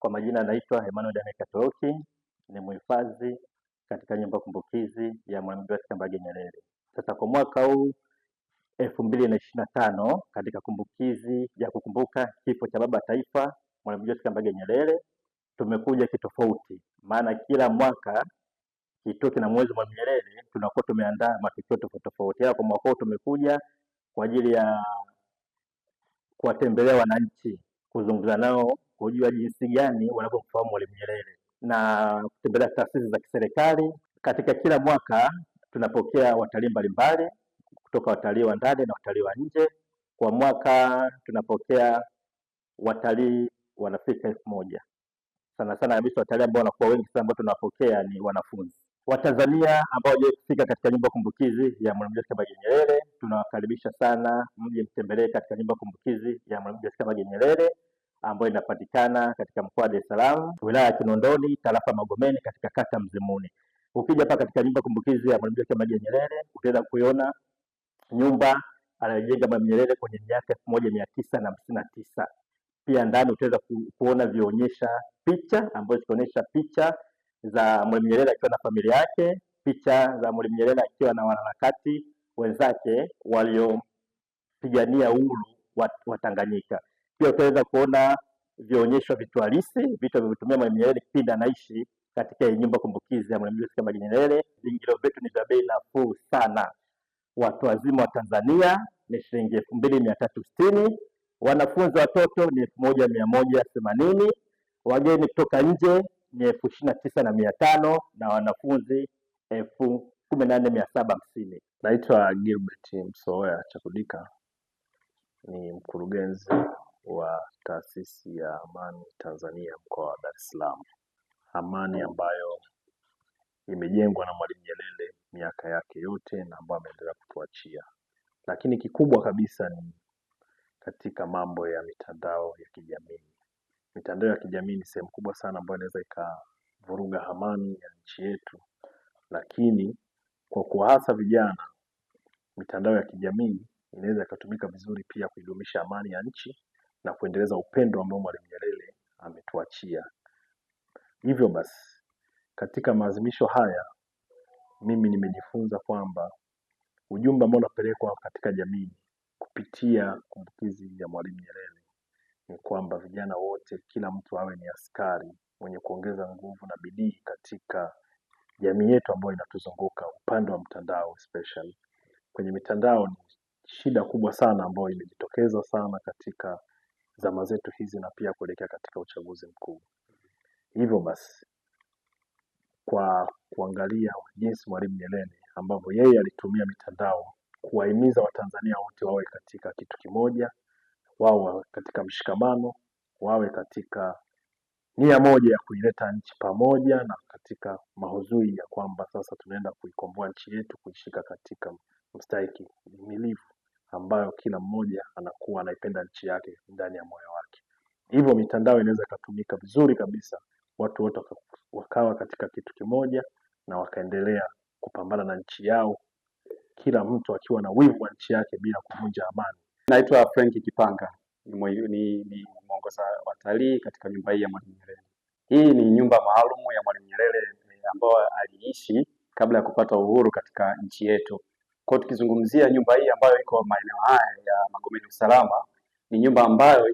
Kwa majina anaitwa Emmanuel Daniel Katoroki, ni mhifadhi katika nyumba kumbukizi ya Mwalimu Julius Kambarage Nyerere. Sasa kwa mwaka huu elfu mbili na ishirini na tano katika kumbukizi ya kukumbuka kifo cha baba taifa Mwalimu Julius Kambarage Nyerere tumekuja kitofauti, maana kila mwaka kituo kina mwezi Mwalimu Nyerere tunakuwa tumeandaa matukio tofauti tofauti. Kwa mwaka huu tumekuja kwa ajili ya kuwatembelea wananchi, kuzungumza nao kujua jinsi gani wanavyomfahamu Mwalimu Nyerere na kutembelea taasisi za kiserikali. Katika kila mwaka tunapokea watalii mbalimbali kutoka watalii wa ndani na watalii wa nje. Kwa mwaka tunapokea watalii wanafika elfu moja sana sana kabisa. Watalii ambao wanakuwa wengi sana ambao tunawapokea ni wanafunzi Watanzania ambao wajawahi kufika katika nyumba ya kumbukizi ya Mwalimu Julius Kambarage Nyerere. Tunawakaribisha sana mje mtembelee katika nyumba ya kumbukizi ya Mwalimu Julius Kambarage Nyerere ambayo inapatikana katika mkoa wa Dar es Salaam, wilaya ya Kinondoni, tarafa Magomeni, katika kata Mzimuni. Ukija hapa katika nyumba kumbukizi ya Mwalimu Julius Kambarage Nyerere utaweza kuiona nyumba aliyojenga Mwalimu Nyerere kwenye miaka elfu moja mia tisa na hamsini na tisa. Pia ndani utaweza kuona vionyesha picha ambazo zinaonyesha picha za Mwalimu Nyerere akiwa na familia yake, picha za Mwalimu Nyerere akiwa na wanaharakati wenzake waliopigania uhuru wa Tanganyika. Pia utaweza kuona vionyesho vitu halisi, vitu alivyotumia Mwalimu Nyerere kipindi anaishi katika nyumba kumbukizi ya Mwalimu Julius Kambarage Nyerere. Viingilio vyetu ni vya bei nafuu sana. Watu wazima wa Tanzania ni shilingi elfu mbili mia tatu sitini wanafunzi watoto ni elfu moja mia moja themanini wageni kutoka nje ni elfu ishirini na tisa na mia tano na wanafunzi elfu kumi na nne mia saba hamsini. Naitwa Gilbert Msoya Chakudika, ni mkurugenzi wa taasisi ya amani Tanzania mkoa wa Dar es Salaam. Amani ambayo imejengwa na Mwalimu Nyerere miaka yake yote na ambayo ameendelea kutuachia, lakini kikubwa kabisa ni katika mambo ya mitandao ya kijamii. Mitandao ya kijamii ni sehemu kubwa sana ambayo inaweza ikavuruga amani ya nchi yetu, lakini kwa kuwa hasa vijana, mitandao ya kijamii inaweza ikatumika vizuri pia kuidumisha amani ya nchi na kuendeleza upendo ambao Mwalimu Nyerere ametuachia. Hivyo basi, katika maadhimisho haya mimi nimejifunza kwamba ujumbe ambao unapelekwa katika jamii kupitia kumbukizi ya Mwalimu Nyerere ni kwamba vijana wote, kila mtu awe ni askari mwenye kuongeza nguvu na bidii katika jamii yetu ambayo inatuzunguka upande wa mtandao especially. Kwenye mitandao ni shida kubwa sana ambayo imejitokeza sana katika zama zetu hizi na pia kuelekea katika uchaguzi mkuu. Hivyo basi kwa kuangalia jinsi Mwalimu Nyerere ambavyo yeye alitumia mitandao kuwahimiza Watanzania wote wawe katika kitu kimoja, wawe katika mshikamano, wawe katika nia moja ya kuileta nchi pamoja, na katika mahuzui ya kwamba sasa tunaenda kuikomboa nchi yetu, kuishika katika mstaiki milifu ambayo kila mmoja anakuwa anaipenda nchi yake ndani ya moyo wake. Hivyo mitandao inaweza ikatumika vizuri kabisa, watu wote wakawa katika kitu kimoja na wakaendelea kupambana na nchi yao, kila mtu akiwa na wivu wa nchi yake bila kuvunja amani. Naitwa Frank Kipanga, ni ni mwongoza watalii katika nyumba hii ya Mwalimu Nyerere. Hii ni nyumba maalumu ya Mwalimu Nyerere eh, ambayo aliishi kabla ya kupata uhuru katika nchi yetu. Kwa tukizungumzia nyumba hii ambayo iko maeneo haya ya Magomeni Usalama, ni nyumba ambayo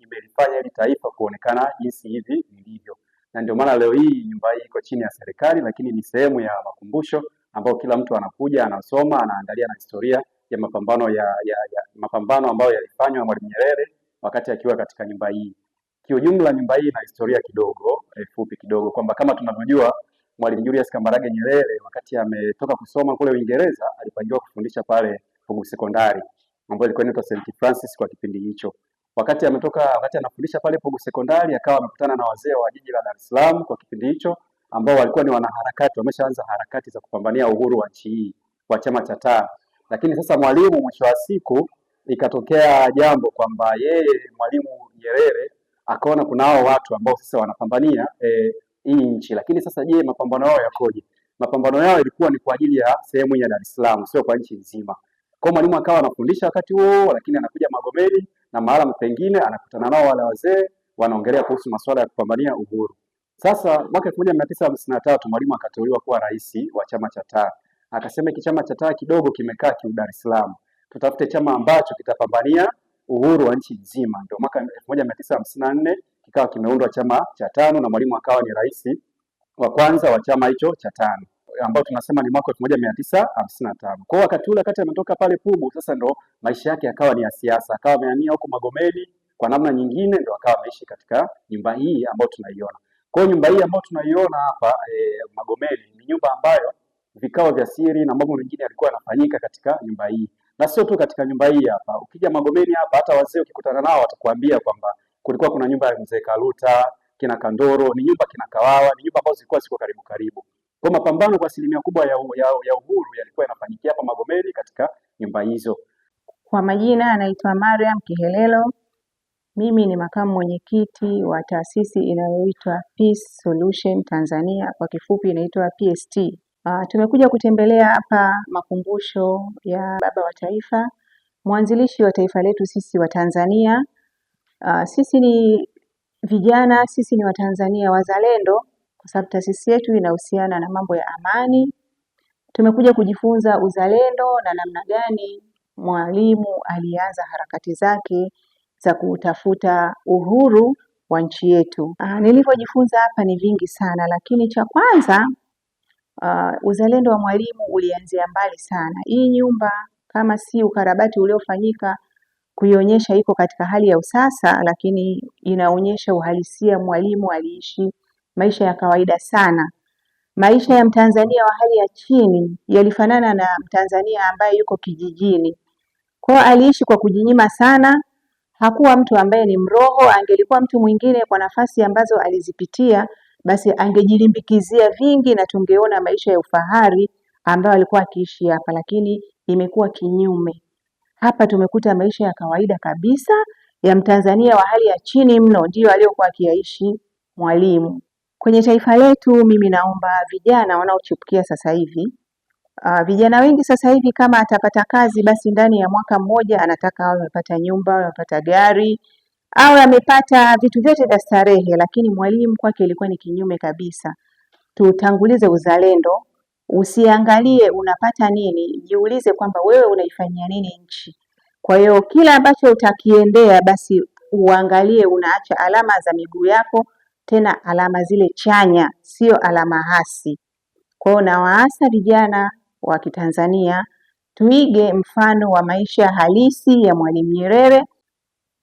imelifanya hili taifa kuonekana jinsi hivi lilivyo, na ndio maana leo hii nyumba hii iko chini ya serikali, lakini ni sehemu ya makumbusho ambayo kila mtu anakuja anasoma, anaangalia na historia ya mapambano ya, ya, ya mapambano ambayo yalifanywa na Mwalimu Nyerere wakati akiwa katika nyumba hii. Kiujumla, nyumba hii ina historia kidogo eh, fupi kidogo, kwamba kama tunavyojua Mwalimu Julius Kambarage Nyerere wakati ametoka kusoma kule Uingereza alipangiwa kufundisha pale Pugu Sekondari ambayo ilikuwa inaitwa St Francis kwa kipindi hicho. Wakati ametoka wakati anafundisha pale Pugu Sekondari akawa amekutana na wazee wa jiji la Dar es Salaam kwa kipindi hicho ambao walikuwa ni wanaharakati, wameshaanza harakati za kupambania uhuru wa nchi hii wa chama cha taa. Lakini sasa mwalimu, mwisho wa siku, ikatokea jambo kwamba yeye mwalimu Nyerere akaona kuna hao watu ambao sasa wanapambania e, hii nchi. Lakini sasa, je, mapambano yao yakoje? Mapambano yao ilikuwa ni kwa ajili ya sehemu ya Dar es Salaam, sio kwa nchi nzima. Kwa mwalimu akawa anafundisha wakati huo, lakini anakuja Magomeni na mahala pengine anakutana nao wale wazee wanaongelea kuhusu masuala ya kupambania uhuru. Sasa mwaka elfu moja mia tisa hamsini na tatu mwalimu akateuliwa kuwa rais wa chama cha TAA. Akasema hiki chama cha TAA kidogo kimekaa kiu Dar es Salaam, tutafute chama ambacho kitapambania uhuru wa nchi nzima. Ndio mwaka elfu moja mia tisa hamsini na nne kikawa kimeundwa chama cha tano na Mwalimu akawa ni rais wa kwanza wa chama hicho cha tano ambao tunasema ni mwaka elfu moja mia tisa hamsini na tano. Kwa wakati ule wakati ametoka pale Pugu, sasa ndo maisha yake akawa ni ya siasa, akawa amehamia huko Magomeni kwa namna nyingine, ndo akawa ameishi katika nyumba hii ambayo tunaiona. Kwa hiyo nyumba hii ambayo tunaiona hapa e, Magomeni ni nyumba ambayo vikao vya siri na mambo mengine yalikuwa yanafanyika katika nyumba hii, na sio tu katika nyumba hii hapa. Ukija Magomeni hapa, hata wazee ukikutana nao watakuambia kwamba kulikuwa kuna nyumba ya mzee Karuta, kina Kandoro, ni nyumba kina Kawawa, ni nyumba ambazo zilikuwa ziko karibu karibu. Kwa mapambano kwa asilimia kubwa ya, ya, ya uhuru yalikuwa yanafanyikia hapa Magomeni katika nyumba hizo. Kwa majina anaitwa Mariam Kihelelo. Mimi ni makamu mwenyekiti wa taasisi inayoitwa Peace Solution Tanzania, kwa kifupi inaitwa PST. Uh, ah, tumekuja kutembelea hapa makumbusho ya baba wa taifa, mwanzilishi wa taifa letu sisi wa Tanzania Uh, sisi ni vijana, sisi ni Watanzania wazalendo, kwa sababu taasisi yetu inahusiana na mambo ya amani. Tumekuja kujifunza uzalendo na namna gani Mwalimu alianza harakati zake za kutafuta uhuru wa nchi yetu. Uh, nilivyojifunza hapa ni vingi sana, lakini cha kwanza uh, uzalendo wa Mwalimu ulianzia mbali sana. Hii nyumba kama si ukarabati uliofanyika kuionyesha iko katika hali ya usasa, lakini inaonyesha uhalisia mwalimu aliishi maisha ya kawaida sana. Maisha ya Mtanzania wa hali ya chini yalifanana na Mtanzania ambaye yuko kijijini. Kwa aliishi kwa kujinyima sana, hakuwa mtu ambaye ni mroho. Angelikuwa mtu mwingine, kwa nafasi ambazo alizipitia, basi angejilimbikizia vingi na tungeona maisha ya ufahari ambayo alikuwa akiishi hapa, lakini imekuwa kinyume. Hapa tumekuta maisha ya kawaida kabisa ya mtanzania wa hali ya chini mno, ndiyo aliyokuwa akiyaishi Mwalimu. Kwenye taifa letu mimi naomba vijana wanaochipukia sasa hivi uh, vijana wengi sasa hivi kama atapata kazi, basi ndani ya mwaka mmoja anataka awe amepata nyumba, awe amepata gari, awe amepata vitu vyote vya starehe, lakini Mwalimu kwake ilikuwa ni kinyume kabisa. Tutangulize uzalendo Usiangalie unapata nini, jiulize kwamba wewe unaifanyia nini nchi. Kwa hiyo kila ambacho utakiendea basi uangalie unaacha alama za miguu yako, tena alama zile chanya, sio alama hasi. Kwa hiyo nawaasa vijana wa Kitanzania tuige mfano wa maisha halisi ya Mwalimu Nyerere.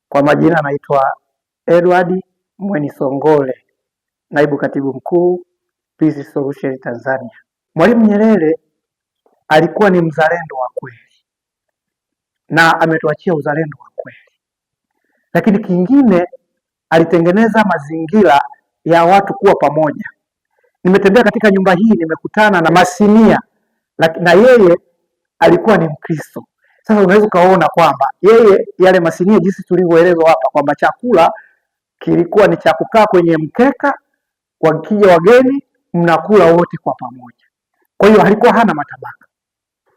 Kwa majina anaitwa Edward Mwenisongole, naibu katibu mkuu Peace Solution Tanzania. Mwalimu Nyerere alikuwa ni mzalendo wa kweli na ametuachia uzalendo wa kweli, lakini kingine alitengeneza mazingira ya watu kuwa pamoja. Nimetembea katika nyumba hii, nimekutana na Masinia na yeye alikuwa ni Mkristo. Sasa unaweza ukaona kwamba yeye yale Masinia, jinsi tulivyoelezwa hapa kwamba chakula kilikuwa ni cha kukaa kwenye mkeka, wakija wageni mnakula wote kwa pamoja. Kwa hiyo alikuwa hana matabaka.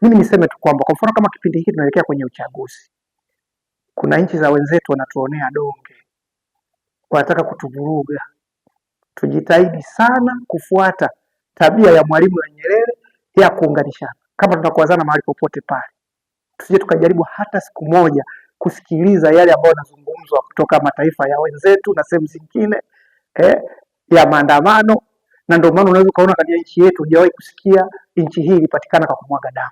Mimi niseme tu kwamba kwa mfano kama kipindi hiki tunaelekea kwenye uchaguzi, kuna nchi za wenzetu wanatuonea donge, wanataka kutuvuruga. Tujitahidi sana kufuata tabia ya Mwalimu wa Nyerere ya kuunganishana, kama tunakuwazana mahali popote pale, tusije tukajaribu hata siku moja kusikiliza yale ambayo yanazungumzwa kutoka mataifa ya wenzetu na sehemu zingine eh, ya maandamano na ndio maana unaweza ukaona katika nchi yetu hujawahi kusikia nchi hii ilipatikana kwa kumwaga damu.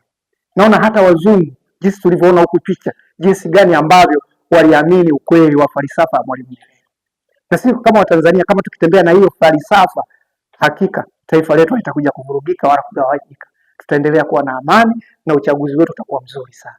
Naona hata wazungu jinsi tulivyoona huku picha, jinsi gani ambavyo waliamini ukweli wa falsafa ya Mwalimu Nyerere. Na sisi kama Watanzania, kama tukitembea na hiyo falsafa, hakika taifa letu halitakuja kuvurugika wala kugawanyika. Tutaendelea kuwa na amani na uchaguzi wetu utakuwa mzuri sana.